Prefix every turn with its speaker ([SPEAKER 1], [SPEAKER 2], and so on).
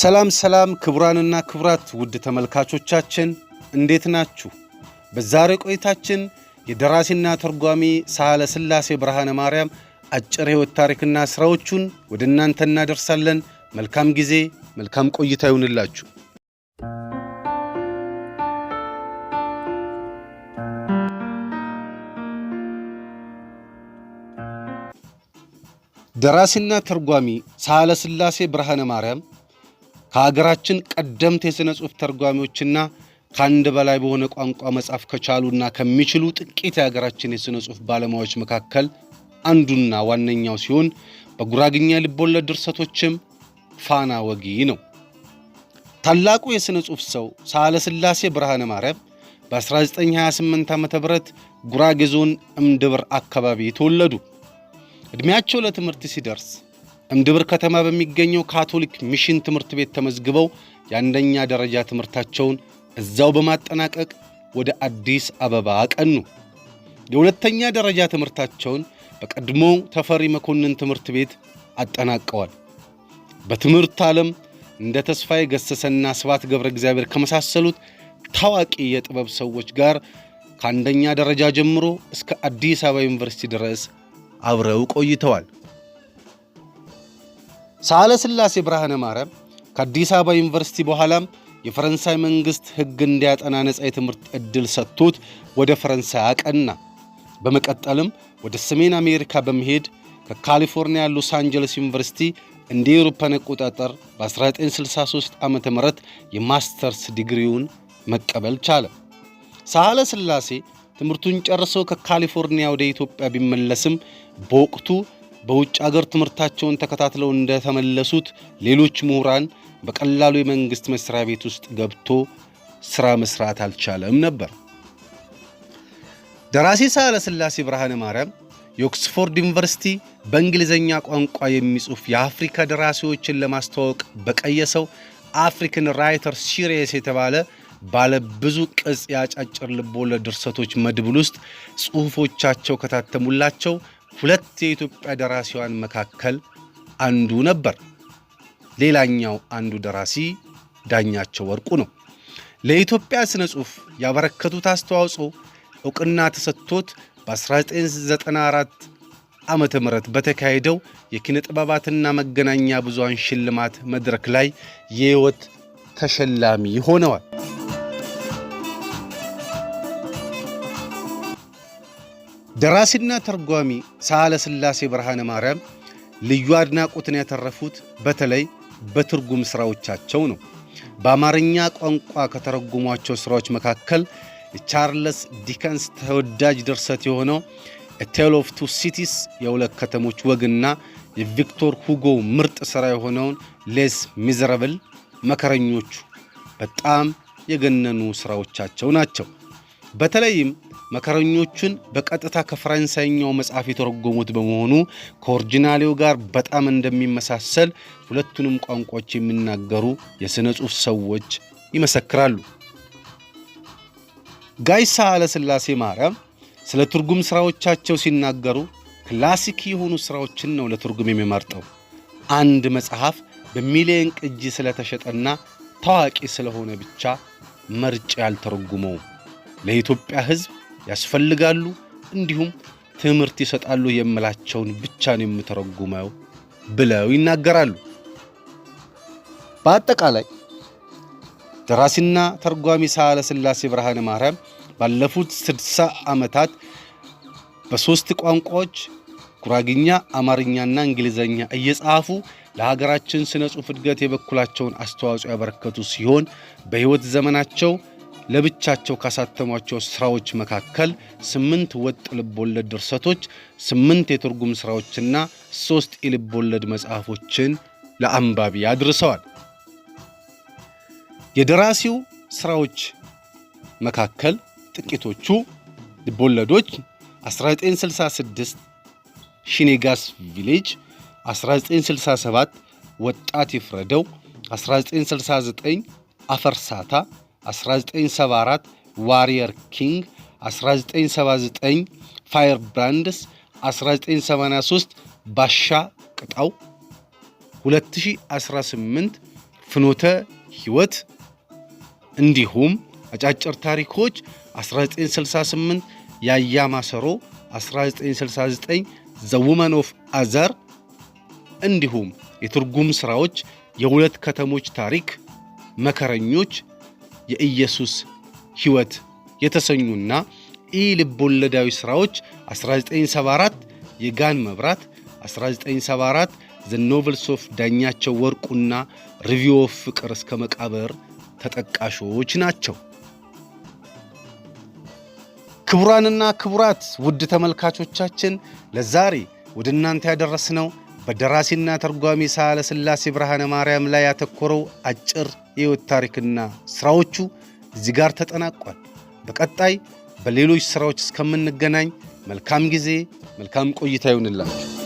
[SPEAKER 1] ሰላም ሰላም ክቡራንና ክቡራት ውድ ተመልካቾቻችን እንዴት ናችሁ? በዛሬ ቆይታችን የደራሲና ተርጓሚ ሳህለ ሥላሴ ብርሃነ ማርያም አጭር ሕይወት ታሪክና ሥራዎቹን ወደ እናንተ እናደርሳለን። መልካም ጊዜ፣ መልካም ቆይታ ይሁንላችሁ። ደራሲና ተርጓሚ ሳህለ ሥላሴ ብርሃነ ማርያም ከሀገራችን ቀደምት የሥነ ጽሑፍ ተርጓሚዎችና ከአንድ በላይ በሆነ ቋንቋ መጻፍ ከቻሉና ከሚችሉ ጥቂት የሀገራችን የሥነ ጽሑፍ ባለሙያዎች መካከል አንዱና ዋነኛው ሲሆን በጉራግኛ ልቦለድ ድርሰቶችም ፋና ወጊ ነው። ታላቁ የሥነ ጽሑፍ ሰው ሳህለ ሥላሴ ብርሃነ ማርያም በ1928 ዓ ም ጉራጌ ዞን እምድብር አካባቢ የተወለዱ እድሜያቸው ለትምህርት ሲደርስ እምድብር ከተማ በሚገኘው ካቶሊክ ሚሽን ትምህርት ቤት ተመዝግበው የአንደኛ ደረጃ ትምህርታቸውን እዛው በማጠናቀቅ ወደ አዲስ አበባ አቀኑ። የሁለተኛ ደረጃ ትምህርታቸውን በቀድሞ ተፈሪ መኮንን ትምህርት ቤት አጠናቀዋል። በትምህርት ዓለም እንደ ተስፋዬ ገሰሰና ስብሐት ገብረ እግዚአብሔር ከመሳሰሉት ታዋቂ የጥበብ ሰዎች ጋር ከአንደኛ ደረጃ ጀምሮ እስከ አዲስ አበባ ዩኒቨርሲቲ ድረስ አብረው ቆይተዋል። ሳህለ ሥላሴ ብርሃነ ማርያም ከአዲስ አበባ ዩኒቨርሲቲ በኋላም የፈረንሳይ መንግሥት ሕግ እንዲያጠና ነፃ የትምህርት ዕድል ሰጥቶት ወደ ፈረንሳይ አቀና። በመቀጠልም ወደ ሰሜን አሜሪካ በመሄድ ከካሊፎርኒያ ሎስ አንጀለስ ዩኒቨርሲቲ እንደ ኤሮፓን አቆጣጠር በ1963 ዓ ም የማስተርስ ዲግሪውን መቀበል ቻለ። ሳህለ ሥላሴ ትምህርቱን ጨርሶ ከካሊፎርኒያ ወደ ኢትዮጵያ ቢመለስም በወቅቱ በውጭ አገር ትምህርታቸውን ተከታትለው እንደተመለሱት ሌሎች ምሁራን በቀላሉ የመንግሥት መሥሪያ ቤት ውስጥ ገብቶ ሥራ መሥራት አልቻለም ነበር። ደራሲ ሳህለ ሥላሴ ብርሃነ ማርያም የኦክስፎርድ ዩኒቨርሲቲ በእንግሊዝኛ ቋንቋ የሚጽፍ የአፍሪካ ደራሲዎችን ለማስተዋወቅ በቀየሰው አፍሪካን ራይተር ሲሪየስ የተባለ ባለ ብዙ ቅጽ የአጫጭር ልቦለድ ድርሰቶች መድብል ውስጥ ጽሑፎቻቸው ከታተሙላቸው ሁለት የኢትዮጵያ ደራሲዋን መካከል አንዱ ነበር። ሌላኛው አንዱ ደራሲ ዳኛቸው ወርቁ ነው። ለኢትዮጵያ ስነ ጽሑፍ ያበረከቱት አስተዋጽኦ ዕውቅና ተሰጥቶት በ1994 ዓመተ ምህረት በተካሄደው የኪነ ጥበባትና መገናኛ ብዙሃን ሽልማት መድረክ ላይ የሕይወት ተሸላሚ ሆነዋል። ደራሲና ተርጓሚ ሳህለ ሥላሴ ብርሃነ ማርያም ልዩ አድናቆትን ያተረፉት በተለይ በትርጉም ሥራዎቻቸው ነው። በአማርኛ ቋንቋ ከተረጉሟቸው ሥራዎች መካከል የቻርለስ ዲከንስ ተወዳጅ ድርሰት የሆነው ቴል ኦፍ ቱ ሲቲስ የሁለት ከተሞች ወግና የቪክቶር ሁጎ ምርጥ ሥራ የሆነውን ሌስ ሚዘረብል መከረኞቹ በጣም የገነኑ ሥራዎቻቸው ናቸው። በተለይም መከረኞቹን በቀጥታ ከፈረንሳይኛው መጽሐፍ የተረጎሙት በመሆኑ ከኦሪጂናሌው ጋር በጣም እንደሚመሳሰል ሁለቱንም ቋንቋዎች የሚናገሩ የሥነ ጽሑፍ ሰዎች ይመሰክራሉ። ጋይሳ ሳህለሥላሴ ማርያም ስለ ትርጉም ሥራዎቻቸው ሲናገሩ ክላሲክ የሆኑ ሥራዎችን ነው ለትርጉም የሚመርጠው። አንድ መጽሐፍ በሚሊየን ቅጂ ስለተሸጠና ታዋቂ ስለሆነ ብቻ መርጬ ያልተረጉመውም። ለኢትዮጵያ ሕዝብ ያስፈልጋሉ፣ እንዲሁም ትምህርት ይሰጣሉ የምላቸውን ብቻ ነው የምተረጉመው ብለው ይናገራሉ። በአጠቃላይ ደራሲና ተርጓሚ ሳህለ ሥላሴ ብርሃነ ማርያም ባለፉት ስድሳ ዓመታት በሦስት ቋንቋዎች ጉራግኛ፣ አማርኛና እንግሊዘኛ እየጻፉ ለሀገራችን ስነ ጽሑፍ እድገት የበኩላቸውን አስተዋጽኦ ያበረከቱ ሲሆን በሕይወት ዘመናቸው ለብቻቸው ካሳተሟቸው ስራዎች መካከል ስምንት ወጥ ልቦለድ ድርሰቶች፣ ስምንት የትርጉም ስራዎችና ሶስት የልቦለድ መጽሐፎችን ለአንባቢ አድርሰዋል። የደራሲው ስራዎች መካከል ጥቂቶቹ ልቦለዶች 1966 ሺኔጋስ ቪሌጅ፣ 1967 ወጣት ይፍረደው፣ 1969 አፈርሳታ 1974 ዋሪየር ኪንግ፣ 1979 ፋየር ብራንድስ፣ 1983 ባሻ ቅጣው፣ 2018 ፍኖተ ህይወት እንዲሁም አጫጭር ታሪኮች 1968 ያያ ማሰሮ፣ 1969 ዘውመን ኦፍ አዘር እንዲሁም የትርጉም ስራዎች የሁለት ከተሞች ታሪክ፣ መከረኞች የኢየሱስ ሕይወት የተሰኙና ኢ ልቦለዳዊ ሥራዎች 1974 የጋን መብራት 1974 ዘ ኖቨልስ ኦፍ ዳኛቸው ወርቁና ሪቪው ኦፍ ፍቅር እስከ መቃብር ተጠቃሾች ናቸው። ክቡራንና ክቡራት ውድ ተመልካቾቻችን ለዛሬ ወደ እናንተ ያደረስነው በደራሲና ተርጓሚ ሳህለ ሥላሴ ብርሃነ ማርያም ላይ ያተኮረው አጭር የሕይወት ታሪክና ሥራዎቹ እዚህ ጋር ተጠናቋል። በቀጣይ በሌሎች ሥራዎች እስከምንገናኝ መልካም ጊዜ፣ መልካም ቆይታ ይሁንላችሁ።